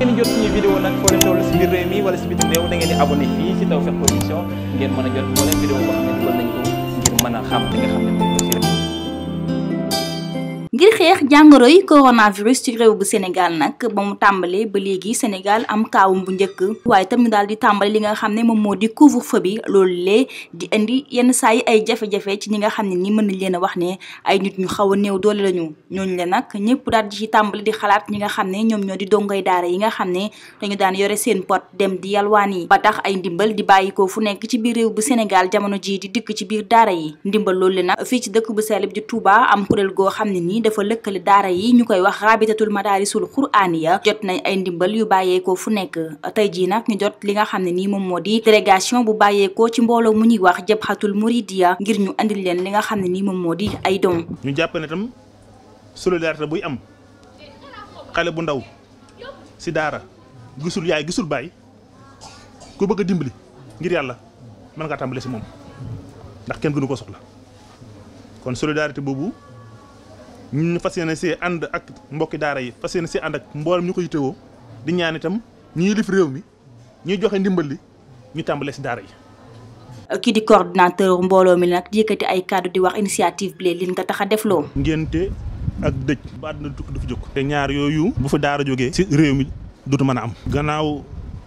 ngeen jot suñu vidéo nag foo leen toll si biir réew wala si bitim réew da ngeen di abonné fii si Tawfekh Production ngeen a jot moo leen vidéo boo xam ne dugal nañ ko ngir ngir xeex jàngoro yi coronavirus ci réew bu Sénégal nag ba mu tàmbalee ba léegi Sénégal am kaawum bu njëkk waaye tam ñu daal di tàmbali li nga xam ne moom moo di couvre-feu bi loolu lee di yenn saa yi ay jafe ci ñi nga xam ne ni mën nañ leen a wax ne ay nit ñu xaw a néew doole lañu ñooñu le nag ñëpp daal di ci tàmbali di xalaat ñi nga xam ne ñoom ñoo di dongoy daara yi nga xam ne ñu daan yore seen pot dem di yalwaan yi ba tax ay ndimbal di bàyyi ko fu nekk ci biir réew bu Sénégal jamono ji di dikk ci biir daara yi ndimbal loolu le nag fii ci dëkk bu sell bi di Touba am kuréel goo xam ne nii dafa lëkkale daara yi ñu koy wax rabitatul madaarisul quraaniya jot nañ ay ndimbal yu bàyyeekoo fu nekk tey jii nag ñu jot li nga xam ne nii moom moo di délégation bu bàyyeekoo ci mbooloo mu ñuy wax jabhatul muridiya ngir ñu indi leen li nga xam ne nii moom moo di ay don ñu jàpp ne tam solidarité buy am xale bu ndaw si daara gisul yaay gisul baay ku bëgg a dimbali ngir yàlla mën ngaa tàmbale si moom ndax kenn gënu ko soxla kon solidarité ñu fas yéene see ànd ak mbokki daara yi fas yéene see ànd ak mboolem ñu ko yitewoo di ñaan itam ñu yilif réew mi ñu joxe ndimbal li ñu tàmbalee si daara yi. ki di koordinateur mbooloo mi nag yëkkati ay kàddu di wax initiative bi li nga tax a def loo. ngénte ak dëj. ba àdduna tukki du fi jóg. te ñaar yooyu. bu fa daara jógee. si réew mi dootu mën a am. gannaaw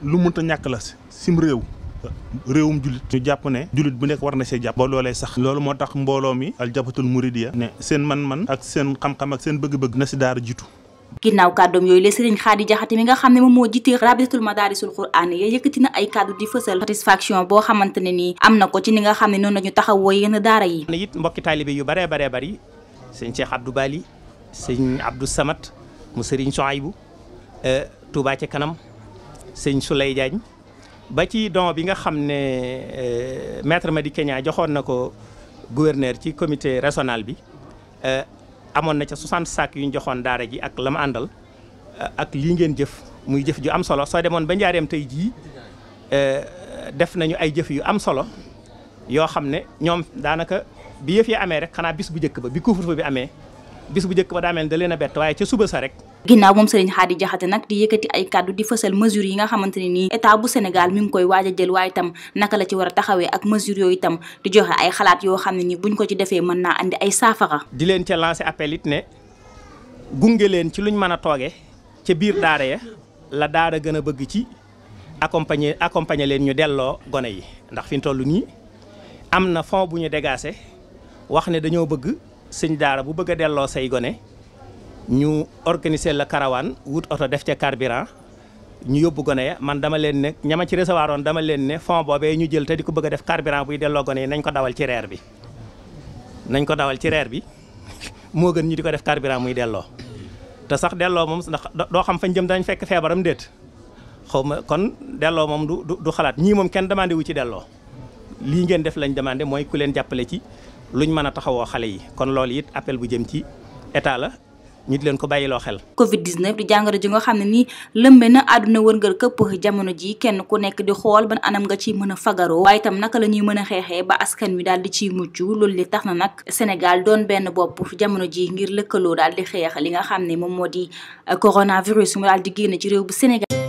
lu mun mënta ñàkk la sim réew. réewum jullit ñu jàpp ne jullit bu nekk war na see jàpp ba loolee sax loolu moo tax mbooloo mi aljabatul muridiya ne seen man-man ak seen xam-xam ak seen bëgg-bëgg na si daara jiitu ginnaaw kàddoom yooyu la sëriñ Xaadi Jaxate mi nga xam ne moom moo jiite rabitatul madaarisul quraan ya yëkkati na ay kàddu di fësal satisfaction boo xamante ne nii am na ko ci ni nga xam ne noonu la ñu taxawoo yenn daara yi ne it mbokki taalibe yu baree baree bari sëñ Cheikh Abdou Bali sëñ Abdou Samat mu sëriñ Soaybu eh, Touba ci kanam sëñ Souley Diagne ba ci don bi nga xam ne euh, maître Madické Niang joxoon na ko gouverneur ci comité régional bi euh, amoon na ca 60 sacs yu ñu joxoon daara ji ak la mu àndal euh, ak lii ngeen jëf muy jëf ju am solo soo demoon ba njaareem tey jii def nañu ay jëf yu am solo yoo xam ne ñoom daanaka bi yëf yi amee rek xanaa bis bu njëkk ba bi couvre-feu bi amee bis bu njëkk ba daa mel ne da leen a bett waaye ca suba sa rek. ginnaaw moom sëriñ Khady jaxate nag di yëkkati ay kàddu di fësal mesures yi nga xamante ne nii état bu Sénégal mi ngi koy waaj a jël waaye tam naka la ci war a taxawee ak mesures yooyu tam di joxe ay xalaat yoo xam ne nii buñ ko ci defee mën naa andi ay saafara di leen ca lancé appel it ne gunge leen ci luñ mën a tooge ca biir daara ya la daara gën a bëgg ci accompagner accompagner leen ñu delloo gone yi ndax fi ñu toll nii am na fond bu ñu dégagé wax ne dañoo bëgg sëñ daara bu bëgg a delloo say gone ñu organiser la karawaan wut oto def ca carburant ñu yóbbu gone ya man dama leen ne ñama ci recevoir oon dama leen ne fon boobee ñu jël te di ko bëgg a def carburant buy delloo gone yi nañ ko dawal ci reer bi nañ ko dawal ci reer bi moo gën ñu di ko def carburant muy delloo te sax delloo moom ndax doo xam fañ jëm danañ fekk feebaram déet xaw ma kon delloo moom du du xalaat ñii moom kenn demandé wu ci delloo lii ngeen def lañ demandé mooy ku leen jàppale ci luñ mën a taxawoo xale yi kon loolu it appel bu jëm ci état la ñu di leen ko bàyyiloo xel covid 19 di jàngoro ji nga xam ne nii lëmbe na àdduna wërngal këpp jamono ji kenn ku nekk di xool ban anam nga ciy mën a fagaroo waaye itam naka la ñuy mën a xeexee ba askan wi daal di ciy mucc loolu li tax na nag Sénégal doon benn bopp jamono ji ngir lëkkaloo daal di xeex li nga xam ne moom moo di euh, coronavirus mu daal di génn ci réew bu Sénégal